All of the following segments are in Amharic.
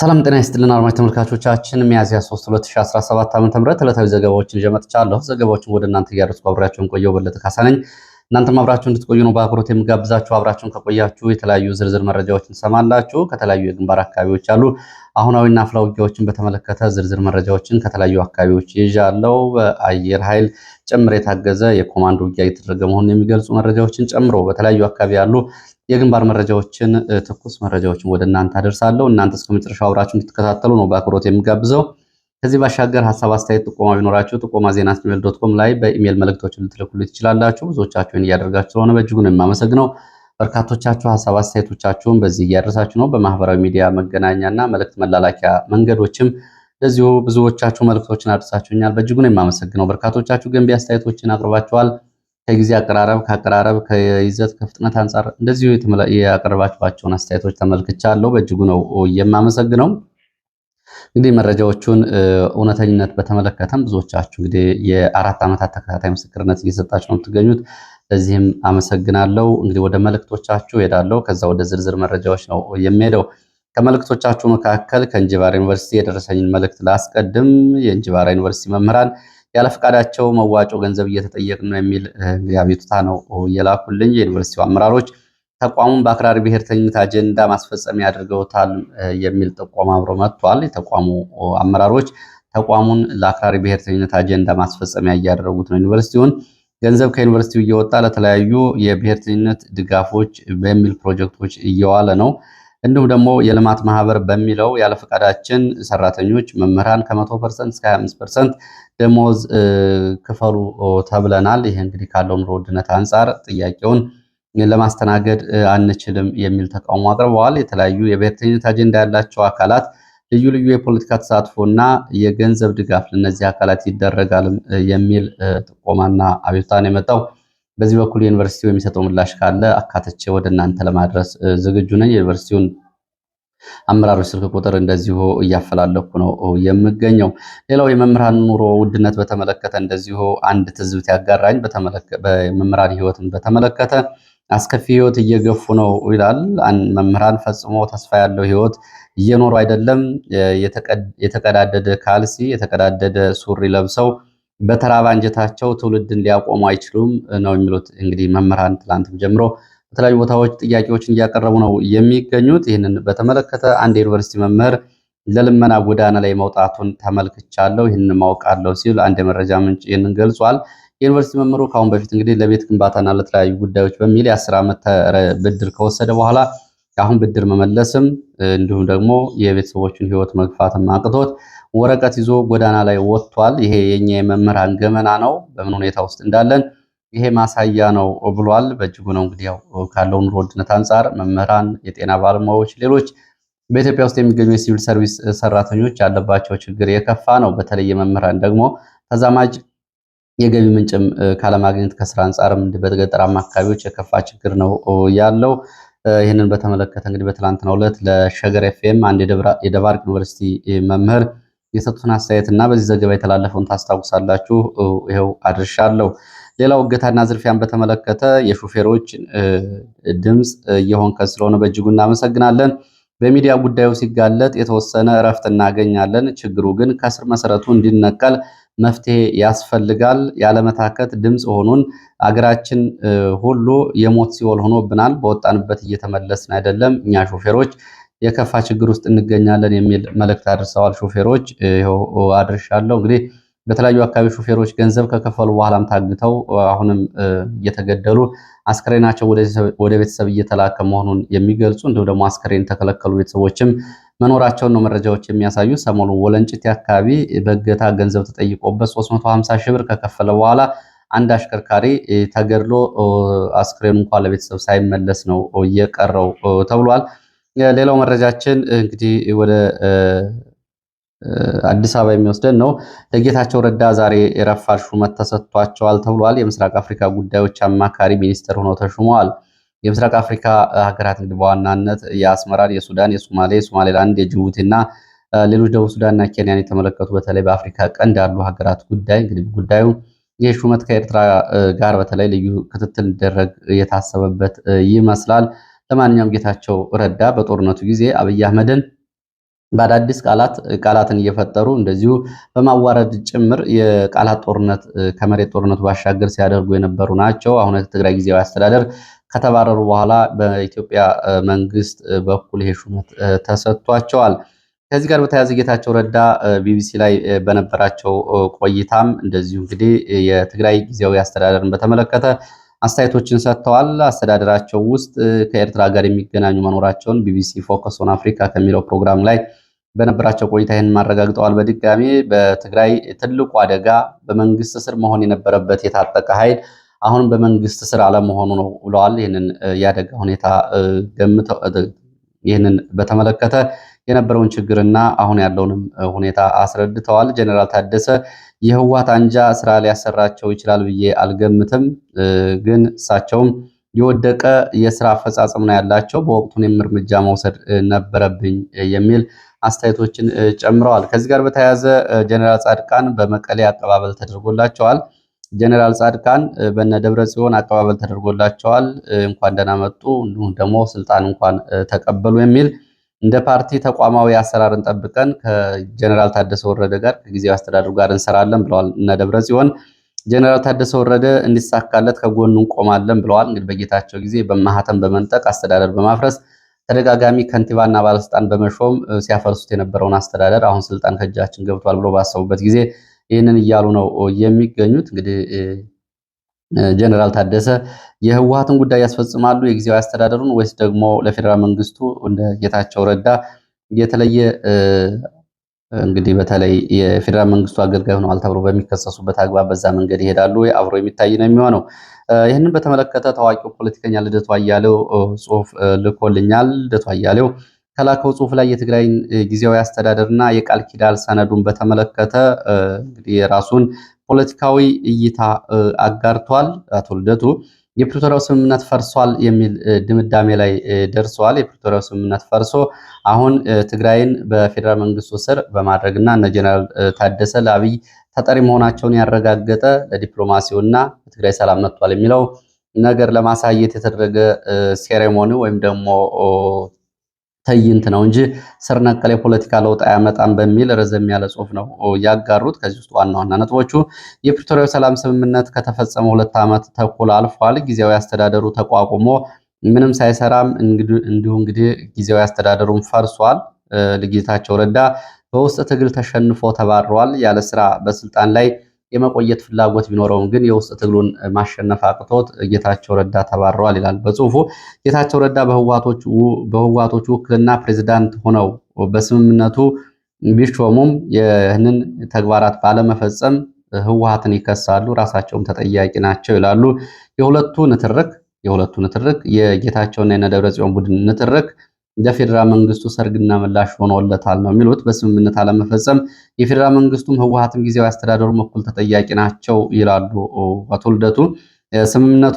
ሰላም ጤና ይስጥልን አርማጅ ተመልካቾቻችን፣ ሚያዝያ 3 2017 ዓ.ም ዕለታዊ ዘገባዎችን ይዤ መጥቻለሁ። ዘገባዎችን ወደ እናንተ እያደረስኩ አብሬያችሁን ቆየው በለጠ ካሳ ነኝ። እናንተም አብራችሁ እንድትቆዩ ነው በአክብሮት የምጋብዛችሁ። አብራችሁን ከቆያችሁ የተለያዩ ዝርዝር መረጃዎችን ሰማላችሁ ከተለያዩ የግንባር አካባቢዎች ያሉ አሁናዊና አፍላ ውጊያዎችን በተመለከተ ዝርዝር መረጃዎችን ከተለያዩ አካባቢዎች ይዣለው። በአየር ኃይል ጭምር የታገዘ የኮማንዶ ውጊያ እየተደረገ መሆኑን የሚገልጹ መረጃዎችን ጨምሮ በተለያዩ አካባቢ ያሉ የግንባር መረጃዎችን ትኩስ መረጃዎችን ወደ እናንተ አደርሳለሁ። እናንተ እስከ መጨረሻው አብራችሁ እንድትከታተሉ ነው በአክብሮት የሚጋብዘው። ከዚህ ባሻገር ሀሳብ፣ አስተያየት፣ ጥቆማ ቢኖራችሁ ጥቆማ ዜና ጂሜል ዶት ኮም ላይ በኢሜይል መልእክቶችን ልትልኩልኝ ትችላላችሁ። ብዙዎቻችሁን እያደርጋችሁ ስለሆነ በእጅጉን የማመሰግነው። በርካቶቻችሁ ሀሳብ አስተያየቶቻችሁን በዚህ እያደረሳችሁ ነው። በማህበራዊ ሚዲያ መገናኛና መልእክት መላላኪያ መንገዶችም እንደዚሁ ብዙዎቻችሁ መልእክቶችን አድርሳችሁኛል። በእጅጉን የማመሰግነው። በርካቶቻችሁ ገንቢ አስተያየቶችን አቅርባችኋል። ከጊዜ አቀራረብ፣ ከአቀራረብ፣ ከይዘት፣ ከፍጥነት አንጻር እንደዚሁ ያቀረባችኋቸውን አስተያየቶች ተመልክቻለሁ። በእጅጉ ነው የማመሰግነው። እንግዲህ መረጃዎቹን እውነተኝነት በተመለከተም ብዙዎቻችሁ እንግዲህ የአራት ዓመታት ተከታታይ ምስክርነት እየሰጣችሁ ነው የምትገኙት። ለዚህም አመሰግናለሁ። እንግዲህ ወደ መልእክቶቻችሁ ሄዳለሁ። ከዛ ወደ ዝርዝር መረጃዎች ነው የሚሄደው። ከመልእክቶቻችሁ መካከል ከእንጅባራ ዩኒቨርሲቲ የደረሰኝን መልእክት ላስቀድም። የእንጅባራ ዩኒቨርሲቲ መምህራን ያለፈቃዳቸው መዋጮ ገንዘብ እየተጠየቅ ነው የሚል አቤቱታ ነው እየላኩልኝ። የዩኒቨርሲቲው አመራሮች ተቋሙን በአክራሪ ብሔርተኝነት አጀንዳ ማስፈጸሚያ አድርገውታል የሚል ጥቆማ አብሮ መጥቷል። የተቋሙ አመራሮች ተቋሙን ለአክራሪ ብሔርተኝነት አጀንዳ ማስፈጸሚያ እያደረጉት ነው ዩኒቨርሲቲውን ገንዘብ ከዩኒቨርሲቲው እየወጣ ለተለያዩ የብሔርተኝነት ድጋፎች በሚል ፕሮጀክቶች እየዋለ ነው። እንዲሁም ደግሞ የልማት ማህበር በሚለው ያለፈቃዳችን ሰራተኞች፣ መምህራን ከ 0 ፐርሰንት እስከ 25 ፐርሰንት ደሞዝ ክፈሉ ተብለናል። ይሄ እንግዲህ ካለው ኑሮ ውድነት አንጻር ጥያቄውን ለማስተናገድ አንችልም የሚል ተቃውሞ አቅርበዋል። የተለያዩ የብሔርተኝነት አጀንዳ ያላቸው አካላት ልዩ ልዩ የፖለቲካ ተሳትፎና የገንዘብ ድጋፍ ለእነዚህ አካላት ይደረጋልም የሚል ጥቆማና አቤቱታን የመጣው። በዚህ በኩል ዩኒቨርሲቲው የሚሰጠው ምላሽ ካለ አካተቼ ወደ እናንተ ለማድረስ ዝግጁ ነኝ። ዩኒቨርሲቲውን አመራሮች ስልክ ቁጥር እንደዚሁ እያፈላለኩ ነው የምገኘው። ሌላው የመምህራን ኑሮ ውድነት በተመለከተ እንደዚሁ አንድ ትዝብት ያጋራኝ በመምህራን ህይወትን በተመለከተ አስከፊ ህይወት እየገፉ ነው ይላል። መምህራን ፈጽሞ ተስፋ ያለው ህይወት እየኖሩ አይደለም። የተቀዳደደ ካልሲ፣ የተቀዳደደ ሱሪ ለብሰው በተራባ አንጀታቸው ትውልድን ሊያቆሙ አይችሉም ነው የሚሉት እንግዲህ መምህራን ትላንትም ጀምሮ በተለያዩ ቦታዎች ጥያቄዎችን እያቀረቡ ነው የሚገኙት። ይህንን በተመለከተ አንድ የዩኒቨርሲቲ መምህር ለልመና ጎዳና ላይ መውጣቱን ተመልክቻለሁ፣ ይህንን ማውቃለሁ ሲል አንድ የመረጃ ምንጭ ይህንን ገልጿል። የዩኒቨርሲቲ መምህሩ ከአሁን በፊት እንግዲህ ለቤት ግንባታና ለተለያዩ ጉዳዮች በሚል የአስር ዓመት ብድር ከወሰደ በኋላ አሁን ብድር መመለስም እንዲሁም ደግሞ የቤተሰቦችን ሕይወት መግፋትም አቅቶት ወረቀት ይዞ ጎዳና ላይ ወጥቷል። ይሄ የኛ የመምህራን ገመና ነው። በምን ሁኔታ ውስጥ እንዳለን ይሄ ማሳያ ነው ብሏል። በእጅጉ ነው እንግዲህ ያው ካለው ኑሮ ውድነት አንጻር መምህራን፣ የጤና ባለሙያዎች፣ ሌሎች በኢትዮጵያ ውስጥ የሚገኙ የሲቪል ሰርቪስ ሰራተኞች ያለባቸው ችግር የከፋ ነው። በተለይ መምህራን ደግሞ ተዛማጅ የገቢ ምንጭም ካለማግኘት ከስራ አንጻርም በገጠራማ አካባቢዎች የከፋ ችግር ነው ያለው። ይህንን በተመለከተ እንግዲህ በትላንትናው ዕለት ለሸገር ኤፍኤም አንድ የደባርቅ ዩኒቨርሲቲ መምህር የሰጡትን አስተያየት እና በዚህ ዘገባ የተላለፈውን ታስታውሳላችሁ። ይኸው አድርሻለሁ። ሌላው እገታና ዝርፊያን በተመለከተ የሾፌሮች ድምፅ እየሆንከን ስለሆነ በእጅጉ እናመሰግናለን። በሚዲያ ጉዳዩ ሲጋለጥ የተወሰነ እረፍት እናገኛለን። ችግሩ ግን ከስር መሰረቱ እንዲነቀል መፍትሄ ያስፈልጋል። ያለመታከት ድምፅ ሆኑን። አገራችን ሁሉ የሞት ሲኦል ሆኖብናል። በወጣንበት እየተመለስን አይደለም። እኛ ሾፌሮች የከፋ ችግር ውስጥ እንገኛለን የሚል መልእክት አድርሰዋል ሾፌሮች። ይኸው አድርሻለሁ እንግዲህ በተለያዩ አካባቢ ሹፌሮች ገንዘብ ከከፈሉ በኋላም ታግተው አሁንም እየተገደሉ አስክሬናቸው ወደ ቤተሰብ እየተላከ መሆኑን የሚገልጹ እንዲሁም ደግሞ አስክሬን የተከለከሉ ቤተሰቦችም መኖራቸውን ነው መረጃዎች የሚያሳዩ። ሰሞኑ ወለንጭቴ አካባቢ በእገታ ገንዘብ ተጠይቆበት 350 ሺህ ብር ከከፈለ በኋላ አንድ አሽከርካሪ ተገድሎ አስክሬኑ እንኳን ለቤተሰብ ሳይመለስ ነው እየቀረው ተብሏል። ሌላው መረጃችን እንግዲህ ወደ አዲስ አበባ የሚወስደን ነው። ለጌታቸው ረዳ ዛሬ የረፋድ ሹመት ተሰጥቷቸዋል ተብሏል። የምስራቅ አፍሪካ ጉዳዮች አማካሪ ሚኒስትር ሆነው ተሹመዋል። የምስራቅ አፍሪካ ሀገራት እንግዲህ በዋናነት የአስመራን፣ የሱዳን፣ የሶማሌ፣ የሶማሌላንድ፣ የጅቡቲ እና ሌሎች ደቡብ ሱዳንና ኬንያን የተመለከቱ በተለይ በአፍሪካ ቀንድ ያሉ ሀገራት ጉዳይ እንግዲህ ጉዳዩ ይህ ሹመት ከኤርትራ ጋር በተለይ ልዩ ክትትል እንዲደረግ የታሰበበት ይመስላል። ለማንኛውም ጌታቸው ረዳ በጦርነቱ ጊዜ አብይ አህመድን በአዳዲስ ቃላት ቃላትን እየፈጠሩ እንደዚሁ በማዋረድ ጭምር የቃላት ጦርነት ከመሬት ጦርነቱ ባሻገር ሲያደርጉ የነበሩ ናቸው። አሁን የትግራይ ጊዜያዊ አስተዳደር ከተባረሩ በኋላ በኢትዮጵያ መንግስት በኩል ይሄ ሹመት ተሰጥቷቸዋል። ከዚህ ጋር በተያያዘ ጌታቸው ረዳ ቢቢሲ ላይ በነበራቸው ቆይታም እንደዚሁ እንግዲህ የትግራይ ጊዜያዊ አስተዳደርን በተመለከተ አስተያየቶችን ሰጥተዋል። አስተዳደራቸው ውስጥ ከኤርትራ ጋር የሚገናኙ መኖራቸውን ቢቢሲ ፎከስ ኦን አፍሪካ ከሚለው ፕሮግራም ላይ በነበራቸው ቆይታ ይህን ማረጋግጠዋል። በድጋሚ በትግራይ ትልቁ አደጋ በመንግስት ስር መሆን የነበረበት የታጠቀ ኃይል አሁንም በመንግስት ስር አለመሆኑ ነው ብለዋል። ይህንን የአደጋ ሁኔታ ገምተው ይህንን በተመለከተ የነበረውን ችግርና አሁን ያለውንም ሁኔታ አስረድተዋል። ጀኔራል ታደሰ የህዋት አንጃ ስራ ሊያሰራቸው ይችላል ብዬ አልገምትም፣ ግን እሳቸውም የወደቀ የስራ አፈጻጸም ነው ያላቸው፣ በወቅቱን እርምጃ መውሰድ ነበረብኝ የሚል አስተያየቶችን ጨምረዋል። ከዚህ ጋር በተያያዘ ጀኔራል ጻድቃን በመቀሌ አቀባበል ተደርጎላቸዋል። ጀኔራል ጻድቃን በነ ደብረ ጽዮን አቀባበል ተደርጎላቸዋል። እንኳን ደህና መጡ፣ እንዲሁም ደግሞ ስልጣን እንኳን ተቀበሉ የሚል እንደ ፓርቲ ተቋማዊ አሰራርን ጠብቀን ከጀኔራል ታደሰ ወረደ ጋር ከጊዜያዊ አስተዳደሩ ጋር እንሰራለን ብለዋል እነ ደብረ ጽዮን። ጀኔራል ታደሰ ወረደ እንዲሳካለት ከጎኑ እንቆማለን ብለዋል። እንግዲህ በጌታቸው ጊዜ በማህተም በመንጠቅ አስተዳደር በማፍረስ ተደጋጋሚ ከንቲባና ባለስልጣን በመሾም ሲያፈርሱት የነበረውን አስተዳደር አሁን ስልጣን ከእጃችን ገብቷል ብሎ ባሰቡበት ጊዜ ይህንን እያሉ ነው የሚገኙት። እንግዲህ ጀነራል ታደሰ የህወሀትን ጉዳይ ያስፈጽማሉ የጊዜያዊ አስተዳደሩን ወይስ ደግሞ ለፌዴራል መንግስቱ እንደ ጌታቸው ረዳ የተለየ እንግዲህ በተለይ የፌዴራል መንግስቱ አገልጋይ ሆነዋል ተብሎ በሚከሰሱበት አግባብ በዛ መንገድ ይሄዳሉ። አብሮ የሚታይ ነው የሚሆነው። ይህንን በተመለከተ ታዋቂው ፖለቲከኛ ልደቱ አያሌው ጽሁፍ ልኮልኛል። ልደቱ አያሌው ከላከው ጽሁፍ ላይ የትግራይን ጊዜያዊ አስተዳደርና የቃል ኪዳል ሰነዱን በተመለከተ እንግዲህ የራሱን ፖለቲካዊ እይታ አጋርቷል። አቶ ልደቱ የፕሪቶሪያው ስምምነት ፈርሷል የሚል ድምዳሜ ላይ ደርሰዋል። የፕሪቶሪያው ስምምነት ፈርሶ አሁን ትግራይን በፌዴራል መንግስቱ ስር በማድረግና እነ ጀነራል ታደሰ ለአብይ ተጠሪ መሆናቸውን ያረጋገጠ ለዲፕሎማሲውና በትግራይ ሰላም መጥቷል የሚለው ነገር ለማሳየት የተደረገ ሴሬሞኒ ወይም ደግሞ ትዕይንት ነው እንጂ ስር ነቀል የፖለቲካ ለውጥ አያመጣም በሚል ረዘም ያለ ጽሁፍ ነው ያጋሩት። ከዚህ ውስጥ ዋና ዋና ነጥቦቹ የፕሪቶሪያው ሰላም ስምምነት ከተፈጸመ ሁለት ዓመት ተኩል አልፏል። ጊዜያዊ አስተዳደሩ ተቋቁሞ ምንም ሳይሰራም እንዲሁ እንግዲህ ጊዜያዊ አስተዳደሩም ፈርሷል። ልጅታቸው ረዳ በውስጥ ትግል ተሸንፎ ተባረዋል። ያለ ስራ በስልጣን ላይ የመቆየት ፍላጎት ቢኖረውም ግን የውስጥ ትግሉን ማሸነፍ አቅቶት ጌታቸው ረዳ ተባረዋል ይላል በጽሁፉ። ጌታቸው ረዳ በህወሓቶቹ ውክልና ፕሬዚዳንት ሆነው በስምምነቱ ቢሾሙም ይህንን ተግባራት ባለመፈጸም ህወሀትን ይከሳሉ፣ ራሳቸውም ተጠያቂ ናቸው ይላሉ። የሁለቱ ንትርክ የሁለቱ ንትርክ የጌታቸውና የነደብረጽዮን ቡድን ንትርክ ለፌዴራል መንግስቱ ሰርግና ምላሽ ሆኖለታል ነው የሚሉት። በስምምነት አለመፈጸም የፌዴራል መንግስቱም ህወሀትም ጊዜያዊ አስተዳደሩም እኩል ተጠያቂ ናቸው ይላሉ አቶ ልደቱ። ስምምነቱ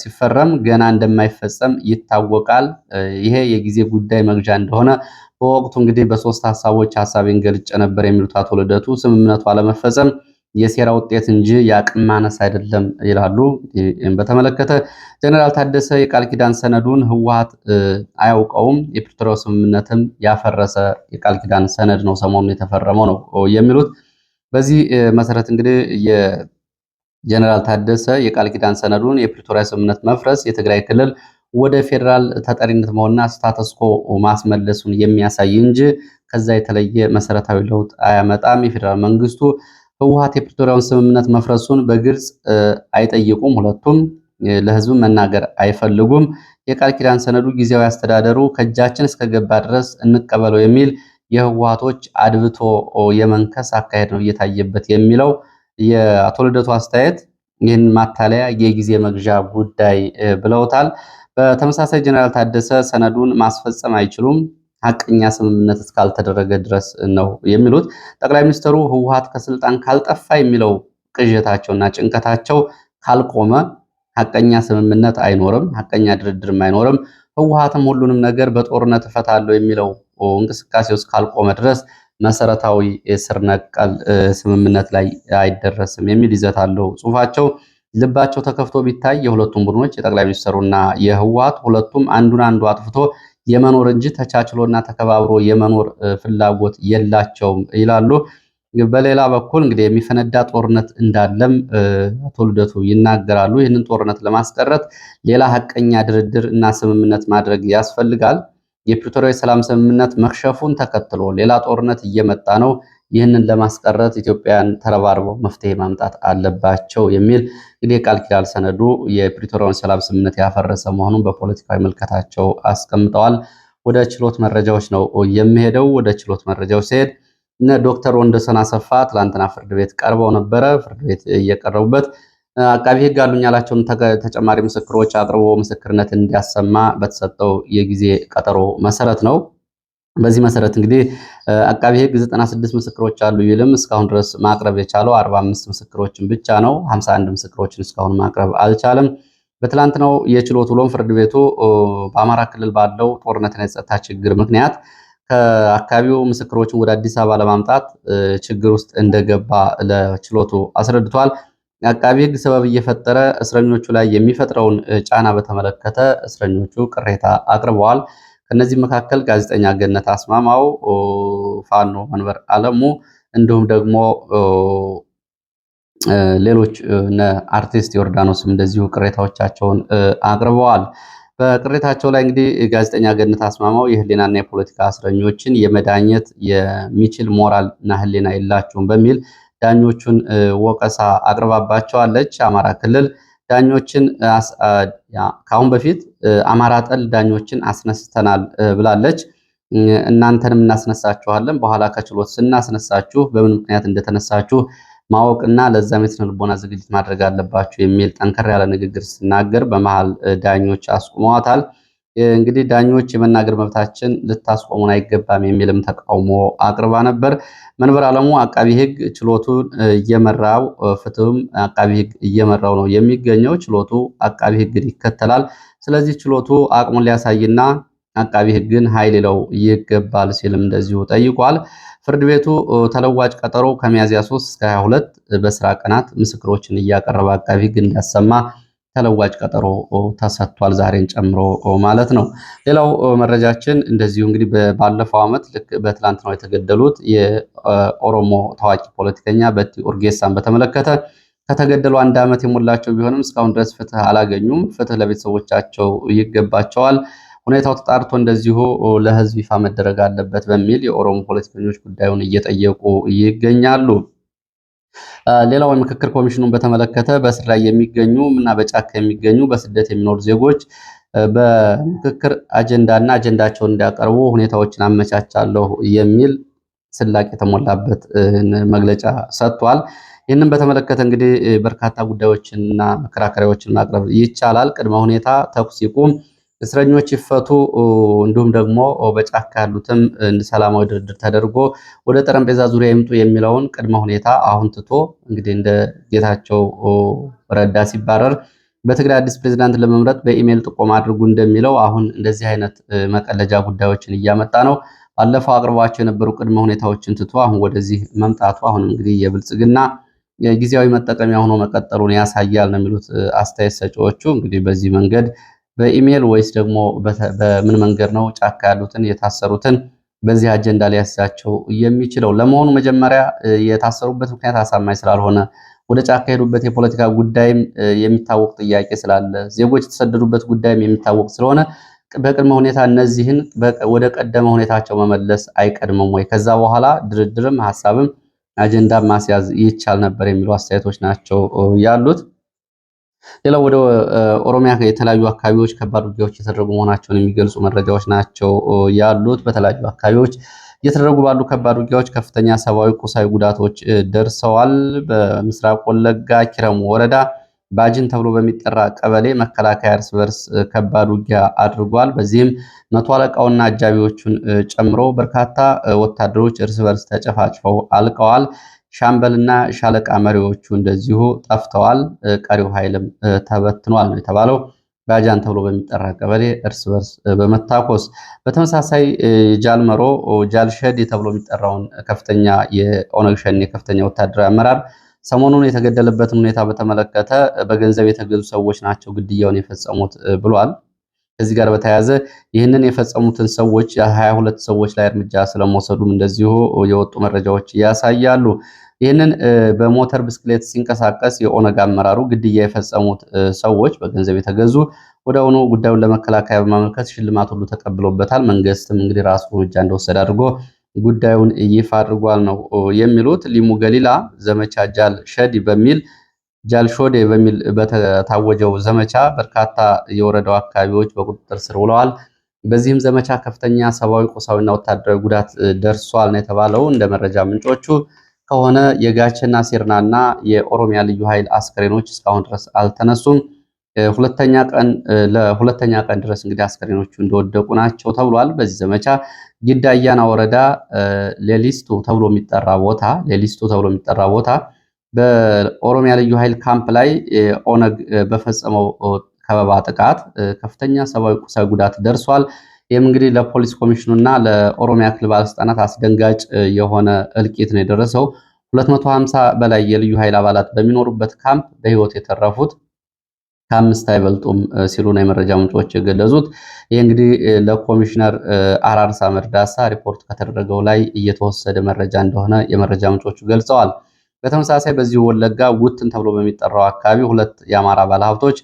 ሲፈረም ገና እንደማይፈጸም ይታወቃል። ይሄ የጊዜ ጉዳይ መግዣ እንደሆነ በወቅቱ እንግዲህ በሶስት ሀሳቦች ሀሳቤን ገልጬ ነበር የሚሉት አቶ ልደቱ ስምምነቱ አለመፈጸም የሴራ ውጤት እንጂ የአቅም ማነስ አይደለም ይላሉ። በተመለከተ ጀነራል ታደሰ የቃል ኪዳን ሰነዱን ህወሀት አያውቀውም፣ የፕሪቶሪያው ስምምነትም ያፈረሰ የቃል ኪዳን ሰነድ ነው ሰሞኑን የተፈረመው ነው የሚሉት። በዚህ መሰረት እንግዲህ የጀነራል ታደሰ የቃል ኪዳን ሰነዱን የፕሪቶሪያ ስምምነት መፍረስ የትግራይ ክልል ወደ ፌዴራል ተጠሪነት መሆንና ስታተስኮ ማስመለሱን የሚያሳይ እንጂ ከዛ የተለየ መሰረታዊ ለውጥ አያመጣም። የፌዴራል መንግስቱ ህወሓት የፕሪቶሪያውን ስምምነት መፍረሱን በግልጽ አይጠይቁም። ሁለቱም ለህዝብ መናገር አይፈልጉም። የቃል ኪዳን ሰነዱ ጊዜያዊ አስተዳደሩ ከእጃችን እስከገባ ድረስ እንቀበለው የሚል የህወሓቶች አድብቶ የመንከስ አካሄድ ነው እየታየበት የሚለው የአቶ ልደቱ አስተያየት ይህን ማታለያ የጊዜ መግዣ ጉዳይ ብለውታል። በተመሳሳይ ጀኔራል ታደሰ ሰነዱን ማስፈጸም አይችሉም ሀቀኛ ስምምነት እስካልተደረገ ድረስ ነው የሚሉት ጠቅላይ ሚኒስትሩ ህወሀት ከስልጣን ካልጠፋ የሚለው ቅዠታቸውና ጭንቀታቸው ካልቆመ ሀቀኛ ስምምነት አይኖርም፣ ሀቀኛ ድርድርም አይኖርም። ህወሀትም ሁሉንም ነገር በጦርነት እፈታለሁ የሚለው እንቅስቃሴ ውስጥ ካልቆመ ድረስ መሰረታዊ ስር ነቀል ስምምነት ላይ አይደረስም የሚል ይዘት አለው ጽሁፋቸው። ልባቸው ተከፍቶ ቢታይ የሁለቱም ቡድኖች የጠቅላይ ሚኒስትሩና የህወሀት ሁለቱም አንዱን አንዱ አጥፍቶ የመኖር እንጂ ተቻችሎና ተከባብሮ የመኖር ፍላጎት የላቸውም ይላሉ። በሌላ በኩል እንግዲህ የሚፈነዳ ጦርነት እንዳለም አቶ ልደቱ ይናገራሉ። ይህንን ጦርነት ለማስቀረት ሌላ ሀቀኛ ድርድር እና ስምምነት ማድረግ ያስፈልጋል። የፕሪቶሪያ ሰላም ስምምነት መክሸፉን ተከትሎ ሌላ ጦርነት እየመጣ ነው። ይህንን ለማስቀረት ኢትዮጵያን ተረባርበው መፍትሄ ማምጣት አለባቸው የሚል እንግዲህ የቃል ኪዳል ሰነዱ የፕሪቶሪያውን ሰላም ስምምነት ያፈረሰ መሆኑን በፖለቲካዊ መልከታቸው አስቀምጠዋል። ወደ ችሎት መረጃዎች ነው የሚሄደው። ወደ ችሎት መረጃዎች ሲሄድ እነ ዶክተር ወንደሰን አሰፋ ትላንትና ፍርድ ቤት ቀርበው ነበረ። ፍርድ ቤት እየቀረቡበት አቃቢ ሕግ አሉኝ ያላቸውን ተጨማሪ ምስክሮች አቅርቦ ምስክርነት እንዲያሰማ በተሰጠው የጊዜ ቀጠሮ መሰረት ነው። በዚህ መሰረት እንግዲህ አቃቢ ህግ 96 ምስክሮች አሉ ይልም እስካሁን ድረስ ማቅረብ የቻለው 45 ምስክሮችን ብቻ ነው። 51 ምስክሮችን እስካሁን ማቅረብ አልቻለም። በትላንትናው የችሎት ውሎም ፍርድ ቤቱ በአማራ ክልል ባለው ጦርነትና የጸጥታ ችግር ምክንያት ከአካባቢው ምስክሮችን ወደ አዲስ አበባ ለማምጣት ችግር ውስጥ እንደገባ ለችሎቱ አስረድቷል። አቃቢ ህግ ሰበብ እየፈጠረ እስረኞቹ ላይ የሚፈጥረውን ጫና በተመለከተ እስረኞቹ ቅሬታ አቅርበዋል። ከእነዚህ መካከል ጋዜጠኛ ገነት አስማማው፣ ፋኖ መንበር አለሙ እንዲሁም ደግሞ ሌሎች አርቲስት ዮርዳኖስም እንደዚሁ ቅሬታዎቻቸውን አቅርበዋል። በቅሬታቸው ላይ እንግዲህ ጋዜጠኛ ገነት አስማማው የህሊናና የፖለቲካ እስረኞችን የመዳኘት የሚችል ሞራል እና ህሊና የላቸውም በሚል ዳኞቹን ወቀሳ አቅርባባቸዋለች። አማራ ክልል ዳኞችን ከአሁን በፊት አማራ ጠል ዳኞችን አስነስተናል ብላለች። እናንተንም እናስነሳችኋለን። በኋላ ከችሎት ስናስነሳችሁ በምን ምክንያት እንደተነሳችሁ ማወቅና ለዛም የስነ ልቦና ዝግጅት ማድረግ አለባችሁ የሚል ጠንከር ያለ ንግግር ስናገር በመሃል ዳኞች አስቁመዋታል። እንግዲህ ዳኞች የመናገር መብታችን ልታስቆሙን አይገባም የሚልም ተቃውሞ አቅርባ ነበር። መንበር አለሙ አቃቢ ህግ ችሎቱን እየመራው ፍትህም አቃቢ ህግ እየመራው ነው የሚገኘው። ችሎቱ አቃቢ ህግን ይከተላል። ስለዚህ ችሎቱ አቅሙን ሊያሳይና አቃቢ ህግን ኃይል ለው ይገባል ሲልም እንደዚሁ ጠይቋል። ፍርድ ቤቱ ተለዋጭ ቀጠሮ ከሚያዝያ 3 እስከ 22 በስራ ቀናት ምስክሮችን እያቀረበ አቃቢ ህግ እንዲያሰማ ተለዋጭ ቀጠሮ ተሰጥቷል፣ ዛሬን ጨምሮ ማለት ነው። ሌላው መረጃችን እንደዚሁ እንግዲህ ባለፈው ዓመት ልክ በትላንትናው የተገደሉት የኦሮሞ ታዋቂ ፖለቲከኛ በቲ ኡርጌሳን በተመለከተ ከተገደሉ አንድ ዓመት የሞላቸው ቢሆንም እስካሁን ድረስ ፍትህ አላገኙም። ፍትህ ለቤተሰቦቻቸው ይገባቸዋል። ሁኔታው ተጣርቶ እንደዚሁ ለህዝብ ይፋ መደረግ አለበት በሚል የኦሮሞ ፖለቲከኞች ጉዳዩን እየጠየቁ ይገኛሉ። ሌላው የምክክር ኮሚሽኑን በተመለከተ በእስር ላይ የሚገኙ እና በጫካ የሚገኙ በስደት የሚኖሩ ዜጎች በምክክር አጀንዳና አጀንዳቸውን እንዲያቀርቡ ሁኔታዎችን አመቻቻለሁ የሚል ስላቅ የተሞላበት መግለጫ ሰጥቷል። ይህንን በተመለከተ እንግዲህ በርካታ ጉዳዮችንና መከራከሪያዎችን ማቅረብ ይቻላል። ቅድመ ሁኔታ ተኩስ ይቁም እስረኞች ይፈቱ፣ እንዲሁም ደግሞ በጫካ ያሉትም ሰላማዊ ድርድር ተደርጎ ወደ ጠረጴዛ ዙሪያ ይምጡ የሚለውን ቅድመ ሁኔታ አሁን ትቶ እንግዲህ እንደ ጌታቸው ረዳ ሲባረር በትግራይ አዲስ ፕሬዝዳንት ለመምረጥ በኢሜይል ጥቆም አድርጉ እንደሚለው አሁን እንደዚህ አይነት መቀለጃ ጉዳዮችን እያመጣ ነው። ባለፈው አቅርቧቸው የነበሩ ቅድመ ሁኔታዎችን ትቶ አሁን ወደዚህ መምጣቱ አሁን እንግዲህ የብልጽግና ጊዜያዊ መጠቀሚያ ሆኖ መቀጠሉን ያሳያል ነው የሚሉት አስተያየት ሰጪዎቹ። እንግዲህ በዚህ መንገድ በኢሜይል ወይስ ደግሞ በምን መንገድ ነው ጫካ ያሉትን የታሰሩትን በዚህ አጀንዳ ሊያስዛቸው የሚችለው? ለመሆኑ መጀመሪያ የታሰሩበት ምክንያት አሳማኝ ስላልሆነ ወደ ጫካ ሄዱበት የፖለቲካ ጉዳይም የሚታወቅ ጥያቄ ስላለ ዜጎች የተሰደዱበት ጉዳይም የሚታወቅ ስለሆነ በቅድመ ሁኔታ እነዚህን ወደ ቀደመ ሁኔታቸው መመለስ አይቀድምም ወይ? ከዛ በኋላ ድርድርም ሀሳብም አጀንዳ ማስያዝ ይቻል ነበር የሚሉ አስተያየቶች ናቸው ያሉት። ሌላው ወደ ኦሮሚያ የተለያዩ አካባቢዎች ከባድ ውጊያዎች የተደረጉ መሆናቸውን የሚገልጹ መረጃዎች ናቸው ያሉት። በተለያዩ አካባቢዎች እየተደረጉ ባሉ ከባድ ውጊያዎች ከፍተኛ ሰብአዊ፣ ቁሳዊ ጉዳቶች ደርሰዋል። በምስራቅ ወለጋ ኪረሙ ወረዳ ባጅን ተብሎ በሚጠራ ቀበሌ መከላከያ እርስ በርስ ከባድ ውጊያ አድርጓል። በዚህም መቶ አለቃውና አጃቢዎቹን ጨምሮ በርካታ ወታደሮች እርስ በርስ ተጨፋጭፈው አልቀዋል። ሻምበልና ሻለቃ መሪዎቹ እንደዚሁ ጠፍተዋል፣ ቀሪው ኃይልም ተበትኗል ነው የተባለው። ባጃን ተብሎ በሚጠራ ቀበሌ እርስ በርስ በመታኮስ በተመሳሳይ ጃልመሮ ጃልሸድ ተብሎ የሚጠራውን ከፍተኛ የኦነግ ሸኔ ወታደራዊ አመራር ሰሞኑን የተገደለበትን ሁኔታ በተመለከተ በገንዘብ የተገዙ ሰዎች ናቸው ግድያውን የፈጸሙት ብሏል። ከዚህ ጋር በተያያዘ ይህንን የፈጸሙትን ሰዎች ሀያ ሁለት ሰዎች ላይ እርምጃ ስለመውሰዱም እንደዚሁ የወጡ መረጃዎች ያሳያሉ። ይህንን በሞተር ብስክሌት ሲንቀሳቀስ የኦነግ አመራሩ ግድያ የፈጸሙት ሰዎች በገንዘብ የተገዙ ወደአሁኑ ጉዳዩን ለመከላከያ በማመልከት ሽልማት ሁሉ ተቀብሎበታል። መንግስትም እንግዲህ ራሱ እርምጃ እንደወሰደ አድርጎ ጉዳዩን ይፋ አድርጓል ነው የሚሉት። ሊሙ ገሊላ ዘመቻ ጃል ሸዲ በሚል ጃል ሾዴ በሚል በታወጀው ዘመቻ በርካታ የወረዳው አካባቢዎች በቁጥጥር ስር ውለዋል። በዚህም ዘመቻ ከፍተኛ ሰብአዊ፣ ቁሳዊና ወታደራዊ ጉዳት ደርሷል ነው የተባለው እንደ መረጃ ምንጮቹ ከሆነ የጋቸና ሴርናና የኦሮሚያ ልዩ ኃይል አስከሬኖች እስካሁን ድረስ አልተነሱም። ሁለተኛ ቀን ለሁለተኛ ቀን ድረስ እንግዲህ አስከሬኖቹ እንደወደቁ ናቸው ተብሏል። በዚህ ዘመቻ ጊዳ አያና ወረዳ ሌሊስቱ ተብሎ የሚጠራ ቦታ ሌሊስቱ ተብሎ የሚጠራ ቦታ በኦሮሚያ ልዩ ኃይል ካምፕ ላይ ኦነግ በፈጸመው ከበባ ጥቃት ከፍተኛ ሰብአዊ ቁሳዊ ጉዳት ደርሷል። ይህም እንግዲህ ለፖሊስ ኮሚሽኑ እና ለኦሮሚያ ክልል ባለስልጣናት አስደንጋጭ የሆነ እልቂት ነው የደረሰው። 250 በላይ የልዩ ኃይል አባላት በሚኖሩበት ካምፕ በህይወት የተረፉት ከአምስት አይበልጡም ሲሉ ነው የመረጃ ምንጮች የገለጹት። ይህ እንግዲህ ለኮሚሽነር አራርሳ መርዳሳ ሪፖርት ከተደረገው ላይ እየተወሰደ መረጃ እንደሆነ የመረጃ ምንጮቹ ገልጸዋል። በተመሳሳይ በዚሁ ወለጋ ውትን ተብሎ በሚጠራው አካባቢ ሁለት የአማራ ባለሀብቶች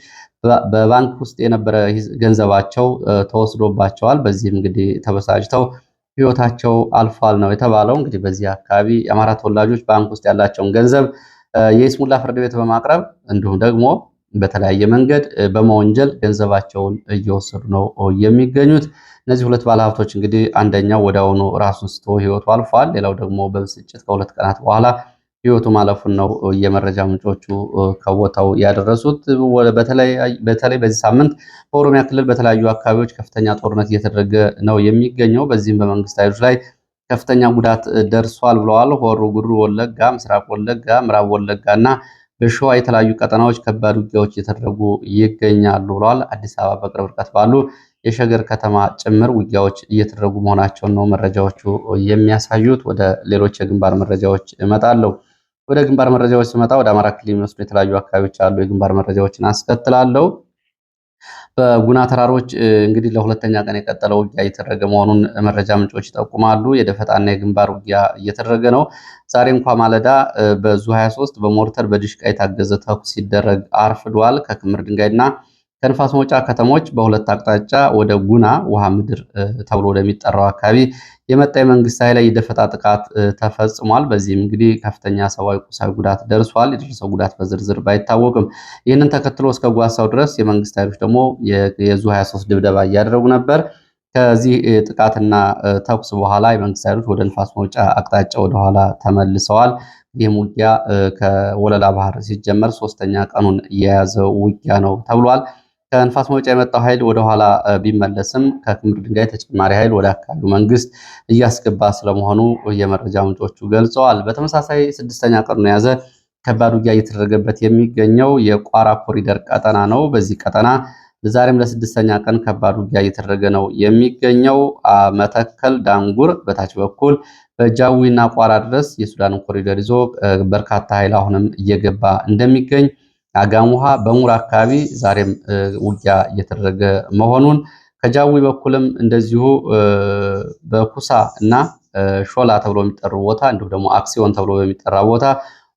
በባንክ ውስጥ የነበረ ገንዘባቸው ተወስዶባቸዋል። በዚህም እንግዲህ ተበሳጭተው ህይወታቸው አልፏል ነው የተባለው። እንግዲህ በዚህ አካባቢ የአማራ ተወላጆች ባንክ ውስጥ ያላቸውን ገንዘብ የይስሙላ ፍርድ ቤት በማቅረብ እንዲሁም ደግሞ በተለያየ መንገድ በመወንጀል ገንዘባቸውን እየወሰዱ ነው የሚገኙት። እነዚህ ሁለት ባለሀብቶች እንግዲህ አንደኛው ወዲያውኑ ራሱን ስቶ ህይወቱ አልፏል። ሌላው ደግሞ በብስጭት ከሁለት ቀናት በኋላ ህይወቱ ማለፉን ነው የመረጃ ምንጮቹ ከቦታው ያደረሱት። በተለይ በዚህ ሳምንት በኦሮሚያ ክልል በተለያዩ አካባቢዎች ከፍተኛ ጦርነት እየተደረገ ነው የሚገኘው። በዚህም በመንግስት ኃይሎች ላይ ከፍተኛ ጉዳት ደርሷል ብለዋል። ሆሮ ጉሩ ወለጋ፣ ምስራቅ ወለጋ፣ ምዕራብ ወለጋ እና በሸዋ የተለያዩ ቀጠናዎች ከባድ ውጊያዎች እየተደረጉ ይገኛሉ ብለዋል። አዲስ አበባ በቅርብ ርቀት ባሉ የሸገር ከተማ ጭምር ውጊያዎች እየተደረጉ መሆናቸውን ነው መረጃዎቹ የሚያሳዩት። ወደ ሌሎች የግንባር መረጃዎች እመጣለሁ። ወደ ግንባር መረጃዎች ስመጣ ወደ አማራ ክልል የሚወስዱ የተለያዩ አካባቢዎች አሉ የግንባር መረጃዎችን አስከትላለሁ። በጉና ተራሮች እንግዲህ ለሁለተኛ ቀን የቀጠለው ውጊያ እየተደረገ መሆኑን መረጃ ምንጮች ይጠቁማሉ። የደፈጣና የግንባር ውጊያ እየተደረገ ነው። ዛሬ እንኳ ማለዳ በዙ 23 በሞርተር በድሽቃ የታገዘ ተኩስ ሲደረግ አርፍዷል። ከክምር ድንጋይና ከንፋስ መውጫ ከተሞች በሁለት አቅጣጫ ወደ ጉና ውሃ ምድር ተብሎ ወደሚጠራው አካባቢ የመጣ የመንግስት ኃይል ላይ የደፈጣ ጥቃት ተፈጽሟል። በዚህም እንግዲህ ከፍተኛ ሰብአዊ፣ ቁሳዊ ጉዳት ደርሷል። የደረሰው ጉዳት በዝርዝር ባይታወቅም ይህንን ተከትሎ እስከ ጓሳው ድረስ የመንግስት ኃይሎች ደግሞ የዙ 23 ድብደባ እያደረጉ ነበር። ከዚህ ጥቃትና ተኩስ በኋላ የመንግስት ኃይሎች ወደ ንፋስ መውጫ አቅጣጫ ወደኋላ ተመልሰዋል። ይህም ውጊያ ከወለላ ባህር ሲጀመር ሶስተኛ ቀኑን የያዘ ውጊያ ነው ተብሏል። ከንፋስ መውጫ የመጣው ኃይል ወደኋላ ቢመለስም ከክምር ድንጋይ ተጨማሪ ኃይል ወደ አካባቢው መንግስት እያስገባ ስለመሆኑ የመረጃ ምንጮቹ ገልጸዋል። በተመሳሳይ ስድስተኛ ቀኑን የያዘ ከባድ ውጊያ እየተደረገበት የሚገኘው የቋራ ኮሪደር ቀጠና ነው። በዚህ ቀጠና ዛሬም ለስድስተኛ ቀን ከባድ ውጊያ እየተደረገ ነው የሚገኘው። መተከል ዳንጉር በታች በኩል በጃዊና ቋራ ድረስ የሱዳንን ኮሪደር ይዞ በርካታ ኃይል አሁንም እየገባ እንደሚገኝ አጋም ውሃ በሙር አካባቢ ዛሬም ውጊያ እየተደረገ መሆኑን ከጃዊ በኩልም እንደዚሁ በኩሳ እና ሾላ ተብሎ የሚጠሩ ቦታ እንዲሁም ደግሞ አክሲዮን ተብሎ በሚጠራ ቦታ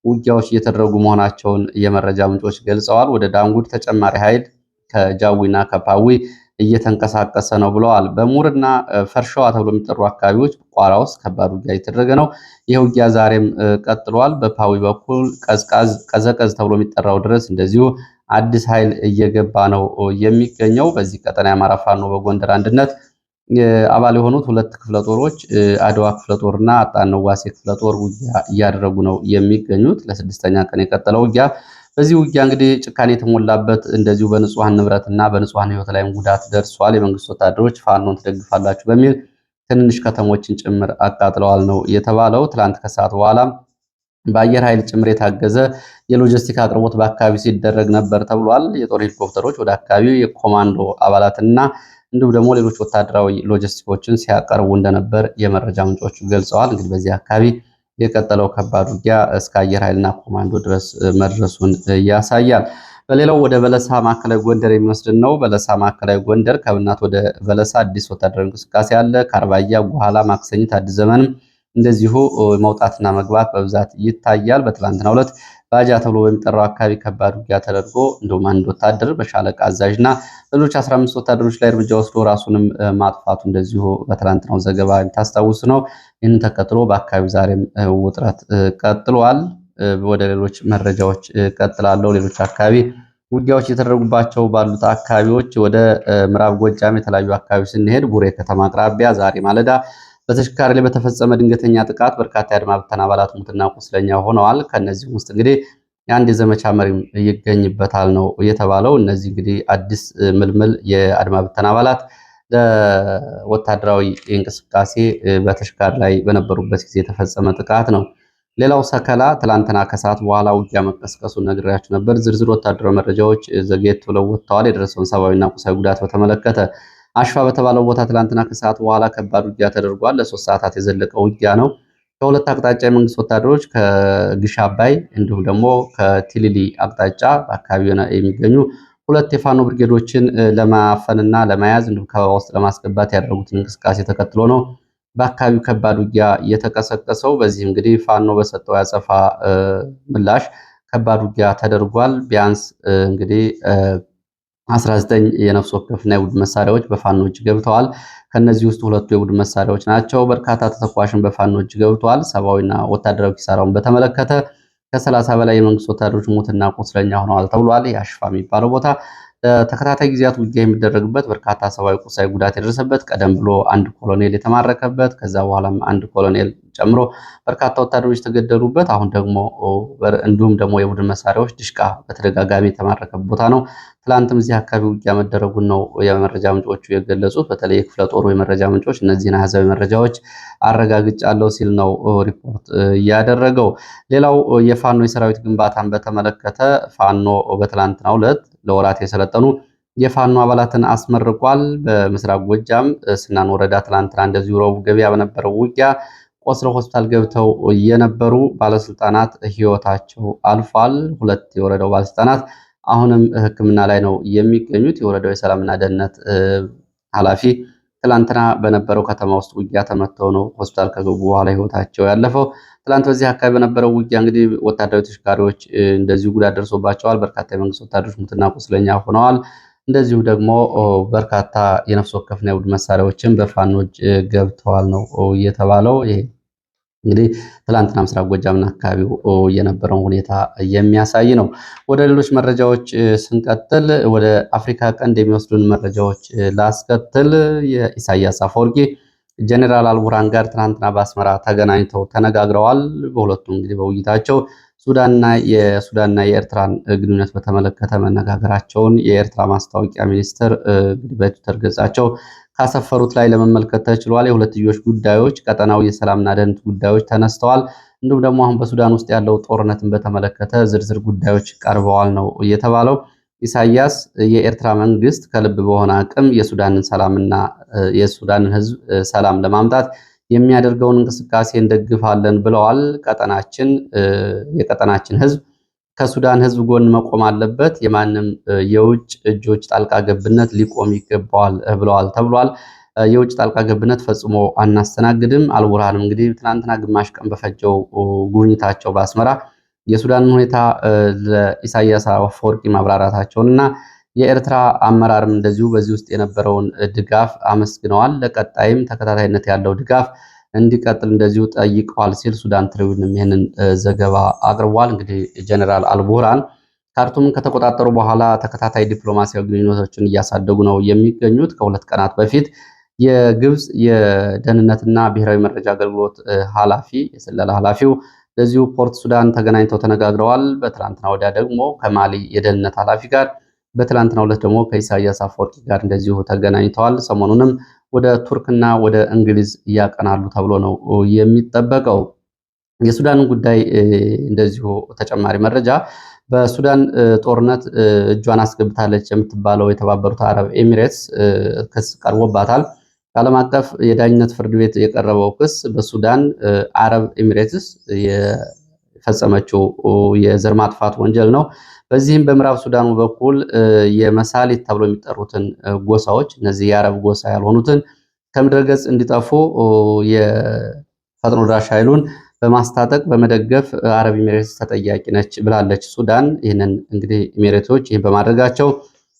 ውጊያዎች እየተደረጉ መሆናቸውን የመረጃ ምንጮች ገልጸዋል። ወደ ዳንጉድ ተጨማሪ ኃይል ከጃዊና ከፓዊ እየተንቀሳቀሰ ነው ብለዋል። በሙርና ፈርሸዋ ተብሎ የሚጠሩ አካባቢዎች ቋራ ውስጥ ከባድ ውጊያ እየተደረገ ነው። ይህ ውጊያ ዛሬም ቀጥሏል። በፓዊ በኩል ቀዘቀዝ ተብሎ የሚጠራው ድረስ እንደዚሁ አዲስ ኃይል እየገባ ነው የሚገኘው። በዚህ ቀጠና የአማራ ፋኖ በጎንደር አንድነት አባል የሆኑት ሁለት ክፍለ ጦሮች አድዋ ክፍለ ጦርና አጣነው ዋሴ ክፍለ ጦር ውጊያ እያደረጉ ነው የሚገኙት። ለስድስተኛ ቀን የቀጠለው ውጊያ በዚህ ውጊያ እንግዲህ ጭካኔ የተሞላበት እንደዚሁ በንጹሐን ንብረት እና በንጹሐን ህይወት ላይም ጉዳት ደርሷል። የመንግስት ወታደሮች ፋኖን ትደግፋላችሁ በሚል ትንንሽ ከተሞችን ጭምር አቃጥለዋል ነው የተባለው። ትላንት ከሰዓት በኋላ በአየር ኃይል ጭምር የታገዘ የሎጂስቲክ አቅርቦት በአካባቢው ሲደረግ ነበር ተብሏል። የጦር ሄሊኮፕተሮች ወደ አካባቢው የኮማንዶ አባላትና እንዲሁም ደግሞ ሌሎች ወታደራዊ ሎጂስቲኮችን ሲያቀርቡ እንደነበር የመረጃ ምንጮቹ ገልጸዋል። እንግዲህ በዚህ አካባቢ የቀጠለው ከባድ ውጊያ እስከ አየር ኃይልና ኮማንዶ ድረስ መድረሱን ያሳያል። በሌላው ወደ በለሳ ማዕከላዊ ጎንደር የሚወስድን ነው። በለሳ ማዕከላዊ ጎንደር ከብናት ወደ በለሳ አዲስ ወታደራዊ እንቅስቃሴ አለ። ከአርባያ በኋላ ማክሰኝት አዲስ ዘመንም እንደዚሁ መውጣትና መግባት በብዛት ይታያል። በትላንትናው ዕለት ባጃ ተብሎ በሚጠራው አካባቢ ከባድ ውጊያ ተደርጎ እንዲሁም አንድ ወታደር በሻለቃ አዛዥ እና ሌሎች 15 ወታደሮች ላይ እርምጃ ወስዶ ራሱንም ማጥፋቱ እንደዚሁ በትላንትናው ዘገባ የሚታስታውስ ነው። ይህንን ተከትሎ በአካባቢው ዛሬም ውጥረት ቀጥሏል። ወደ ሌሎች መረጃዎች ቀጥላለሁ። ሌሎች አካባቢ ውጊያዎች የተደረጉባቸው ባሉት አካባቢዎች ወደ ምዕራብ ጎጃም የተለያዩ አካባቢ ስንሄድ ቡሬ ከተማ አቅራቢያ ዛሬ ማለዳ በተሽከርካሪ ላይ በተፈጸመ ድንገተኛ ጥቃት በርካታ የአድማ ብተና አባላት ሙትና ቁስለኛ ሆነዋል። ከእነዚህም ውስጥ እንግዲህ የአንድ የዘመቻ መሪም ይገኝበታል ነው የተባለው። እነዚህ እንግዲህ አዲስ ምልምል የአድማ ብተና አባላት ለወታደራዊ እንቅስቃሴ በተሽከርካሪ ላይ በነበሩበት ጊዜ የተፈጸመ ጥቃት ነው። ሌላው ሰከላ ትላንትና ከሰዓት በኋላ ውጊያ መቀስቀሱ ነግሬያችሁ ነበር። ዝርዝር ወታደራዊ መረጃዎች ዘግየት ብለው ወጥተዋል። የደረሰውን ሰብአዊና ቁሳዊ ጉዳት በተመለከተ አሽፋ በተባለው ቦታ ትላንትና ከሰዓት በኋላ ከባድ ውጊያ ተደርጓል። ለሶስት ሰዓታት የዘለቀ ውጊያ ነው። ከሁለት አቅጣጫ የመንግስት ወታደሮች ከግሽ አባይ እንዲሁም ደግሞ ከቲሊሊ አቅጣጫ በአካባቢው የሚገኙ ሁለት የፋኖ ብርጌዶችን ለማፈንና ለመያዝ እንዲሁም ከበባ ውስጥ ለማስገባት ያደረጉትን እንቅስቃሴ ተከትሎ ነው በአካባቢው ከባድ ውጊያ የተቀሰቀሰው። በዚህ እንግዲህ ፋኖ በሰጠው ያጸፋ ምላሽ ከባድ ውጊያ ተደርጓል። ቢያንስ እንግዲህ 19 የነፍስ ወከፍና የቡድን መሳሪያዎች በፋኖች ገብተዋል። ከነዚህ ውስጥ ሁለቱ የቡድን መሳሪያዎች ናቸው። በርካታ ተተኳሽን በፋኖች ገብተዋል። ሰብአዊና ወታደራዊ ኪሳራውን በተመለከተ ከሰላሳ በላይ የመንግስት ወታደሮች ሞትና ቁስለኛ ሆነዋል ተብሏል። የአሽፋ የሚባለው ቦታ ለተከታታይ ጊዜያት ውጊያ የሚደረግበት በርካታ ሰብአዊ፣ ቁሳዊ ጉዳት የደረሰበት ቀደም ብሎ አንድ ኮሎኔል የተማረከበት ከዛ በኋላም አንድ ኮሎኔል ጨምሮ በርካታ ወታደሮች የተገደሉበት አሁን ደግሞ እንዲሁም ደግሞ የቡድን መሳሪያዎች ድሽቃ በተደጋጋሚ የተማረከበት ቦታ ነው። ትላንትም እዚህ አካባቢ ውጊያ መደረጉን ነው የመረጃ ምንጮቹ የገለጹት። በተለይ የክፍለ ጦሩ የመረጃ ምንጮች እነዚህን አህዛዊ መረጃዎች አረጋግጫለሁ ሲል ነው ሪፖርት እያደረገው። ሌላው የፋኖ የሰራዊት ግንባታን በተመለከተ ፋኖ በትላንትናው ዕለት ለወራት የሰለጠኑ የፋኖ አባላትን አስመርቋል። በምስራቅ ጎጃም ስናን ወረዳ ትላንትና እንደዚሁ ረቡዕ ገበያ በነበረው ውጊያ ቆስለው ሆስፒታል ገብተው የነበሩ ባለስልጣናት ህይወታቸው አልፏል። ሁለት የወረዳው ባለስልጣናት አሁንም ሕክምና ላይ ነው የሚገኙት። የወረዳው የሰላምና ደህንነት ኃላፊ ትላንትና በነበረው ከተማ ውስጥ ውጊያ ተመተው ነው ሆስፒታል ከገቡ በኋላ ህይወታቸው ያለፈው። ትላንት በዚህ አካባቢ በነበረው ውጊያ እንግዲህ ወታደራዊ ተሽከርካሪዎች እንደዚሁ ጉዳት ደርሶባቸዋል። በርካታ የመንግስት ወታደሮች ሙትና ቁስለኛ ሆነዋል። እንደዚሁ ደግሞ በርካታ የነፍስ ወከፍና የውድ መሳሪያዎችን በፋኖች ገብተዋል ነው እየተባለው ይሄ እንግዲህ ትላንትና ምስራቅ ጎጃምና አካባቢው የነበረውን ሁኔታ የሚያሳይ ነው። ወደ ሌሎች መረጃዎች ስንቀጥል ወደ አፍሪካ ቀንድ የሚወስዱን መረጃዎች ላስከትል። የኢሳያስ አፈወርቂ ጀኔራል አልቡራን ጋር ትናንትና በአስመራ ተገናኝተው ተነጋግረዋል። በሁለቱም እንግዲህ በውይይታቸው ሱዳንና የሱዳንና የኤርትራን ግንኙነት በተመለከተ መነጋገራቸውን የኤርትራ ማስታወቂያ ሚኒስትር በትዊተር ገጻቸው ካሰፈሩት ላይ ለመመልከት ተችሏል። የሁለትዮሽ ጉዳዮች፣ ቀጠናዊ የሰላምና ደህንነት ጉዳዮች ተነስተዋል። እንዲሁም ደግሞ አሁን በሱዳን ውስጥ ያለው ጦርነትን በተመለከተ ዝርዝር ጉዳዮች ቀርበዋል ነው የተባለው። ኢሳያስ የኤርትራ መንግስት ከልብ በሆነ አቅም የሱዳንን ሰላምና የሱዳንን ህዝብ ሰላም ለማምጣት የሚያደርገውን እንቅስቃሴ እንደግፋለን ብለዋል። ቀጠናችን የቀጠናችን ህዝብ ከሱዳን ህዝብ ጎን መቆም አለበት። የማንም የውጭ እጆች ጣልቃ ገብነት ሊቆም ይገባዋል ብለዋል ተብሏል። የውጭ ጣልቃ ገብነት ፈጽሞ አናስተናግድም። አልቡርሃንም እንግዲህ ትናንትና ግማሽ ቀን በፈጀው ጉብኝታቸው በአስመራ የሱዳንን ሁኔታ ለኢሳያስ አፈወርቂ ማብራራታቸውን እና የኤርትራ አመራርም እንደዚሁ በዚህ ውስጥ የነበረውን ድጋፍ አመስግነዋል። ለቀጣይም ተከታታይነት ያለው ድጋፍ እንዲቀጥል እንደዚሁ ጠይቀዋል ሲል ሱዳን ትሪቢንም ይህንን ዘገባ አቅርቧል። እንግዲህ ጀኔራል አልቡራን ካርቱምን ከተቆጣጠሩ በኋላ ተከታታይ ዲፕሎማሲያዊ ግንኙነቶችን እያሳደጉ ነው የሚገኙት። ከሁለት ቀናት በፊት የግብፅ የደህንነትና ብሔራዊ መረጃ አገልግሎት ኃላፊ የስለላ ኃላፊው እንደዚሁ ፖርት ሱዳን ተገናኝተው ተነጋግረዋል። በትናንትና ወዲያ ደግሞ ከማሊ የደህንነት ኃላፊ ጋር በትላንትና ዕለት ደግሞ ከኢሳያስ አፈወርቂ ጋር እንደዚሁ ተገናኝተዋል። ሰሞኑንም ወደ ቱርክና ወደ እንግሊዝ እያቀናሉ ተብሎ ነው የሚጠበቀው። የሱዳን ጉዳይ እንደዚሁ ተጨማሪ መረጃ በሱዳን ጦርነት እጇን አስገብታለች የምትባለው የተባበሩት አረብ ኤሚሬትስ ክስ ቀርቦባታል። ከዓለም አቀፍ የዳኝነት ፍርድ ቤት የቀረበው ክስ በሱዳን አረብ ኤሚሬትስ የፈጸመችው የዘር ማጥፋት ወንጀል ነው። በዚህም በምዕራብ ሱዳኑ በኩል የመሳሊት ተብሎ የሚጠሩትን ጎሳዎች እነዚህ የአረብ ጎሳ ያልሆኑትን ከምድረ ገጽ እንዲጠፉ የፈጥኖ ደራሽ ኃይሉን በማስታጠቅ በመደገፍ አረብ ኤሜሬትስ ተጠያቂ ነች ብላለች ሱዳን። ይህንን እንግዲህ ኤሜሬቶች ይህን በማድረጋቸው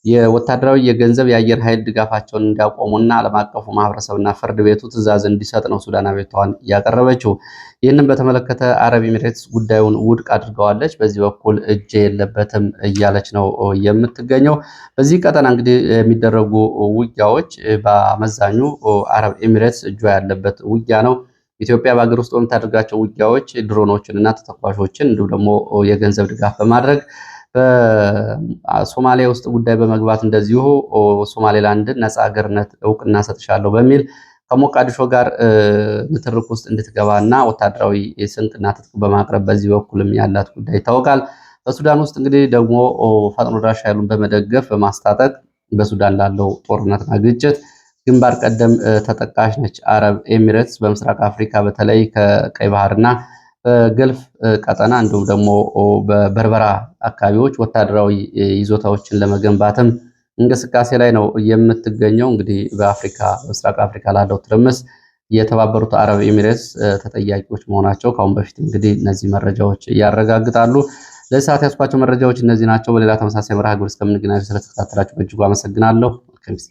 የወታደራዊ የገንዘብ የአየር ኃይል ድጋፋቸውን እንዲያቆሙና ዓለም አቀፉ ማህበረሰብና ፍርድ ቤቱ ትእዛዝ እንዲሰጥ ነው ሱዳን አቤቱታዋን እያቀረበችው። ይህንን በተመለከተ አረብ ኤሚሬትስ ጉዳዩን ውድቅ አድርገዋለች። በዚህ በኩል እጄ የለበትም እያለች ነው የምትገኘው። በዚህ ቀጠና እንግዲህ የሚደረጉ ውጊያዎች በአመዛኙ አረብ ኤሚሬትስ እጇ ያለበት ውጊያ ነው። ኢትዮጵያ በሀገር ውስጥ በምታደርጋቸው ውጊያዎች ድሮኖችን እና ተተኳሾችን እንዲሁም ደግሞ የገንዘብ ድጋፍ በማድረግ በሶማሊያ ውስጥ ጉዳይ በመግባት እንደዚሁ ሶማሌላንድን ነፃ ሀገርነት እውቅና ሰጥሻለሁ በሚል ከሞቃዲሾ ጋር ንትርክ ውስጥ እንድትገባ እና ወታደራዊ ስንቅና ትጥቅ በማቅረብ በዚህ በኩልም ያላት ጉዳይ ይታወቃል። በሱዳን ውስጥ እንግዲህ ደግሞ ፈጥኖ ደራሽ ኃይሉን በመደገፍ በማስታጠቅ በሱዳን ላለው ጦርነትና ግጭት ግንባር ቀደም ተጠቃሽ ነች። አረብ ኤሚሬትስ በምስራቅ አፍሪካ በተለይ ከቀይ ባህርና በገልፍ ቀጠና እንዲሁም ደግሞ በበርበራ አካባቢዎች ወታደራዊ ይዞታዎችን ለመገንባትም እንቅስቃሴ ላይ ነው የምትገኘው። እንግዲህ በአፍሪካ ምስራቅ አፍሪካ ላለው ትርምስ የተባበሩት አረብ ኤሚሬትስ ተጠያቂዎች መሆናቸው ከአሁን በፊት እንግዲህ እነዚህ መረጃዎች ያረጋግጣሉ። ለዚህ ሰዓት ያስኳቸው መረጃዎች እነዚህ ናቸው። በሌላ ተመሳሳይ መርሃ ግብር እስከምንገናኝ ስለተከታተላችሁ በእጅጉ አመሰግናለሁ። መልካም ጊዜ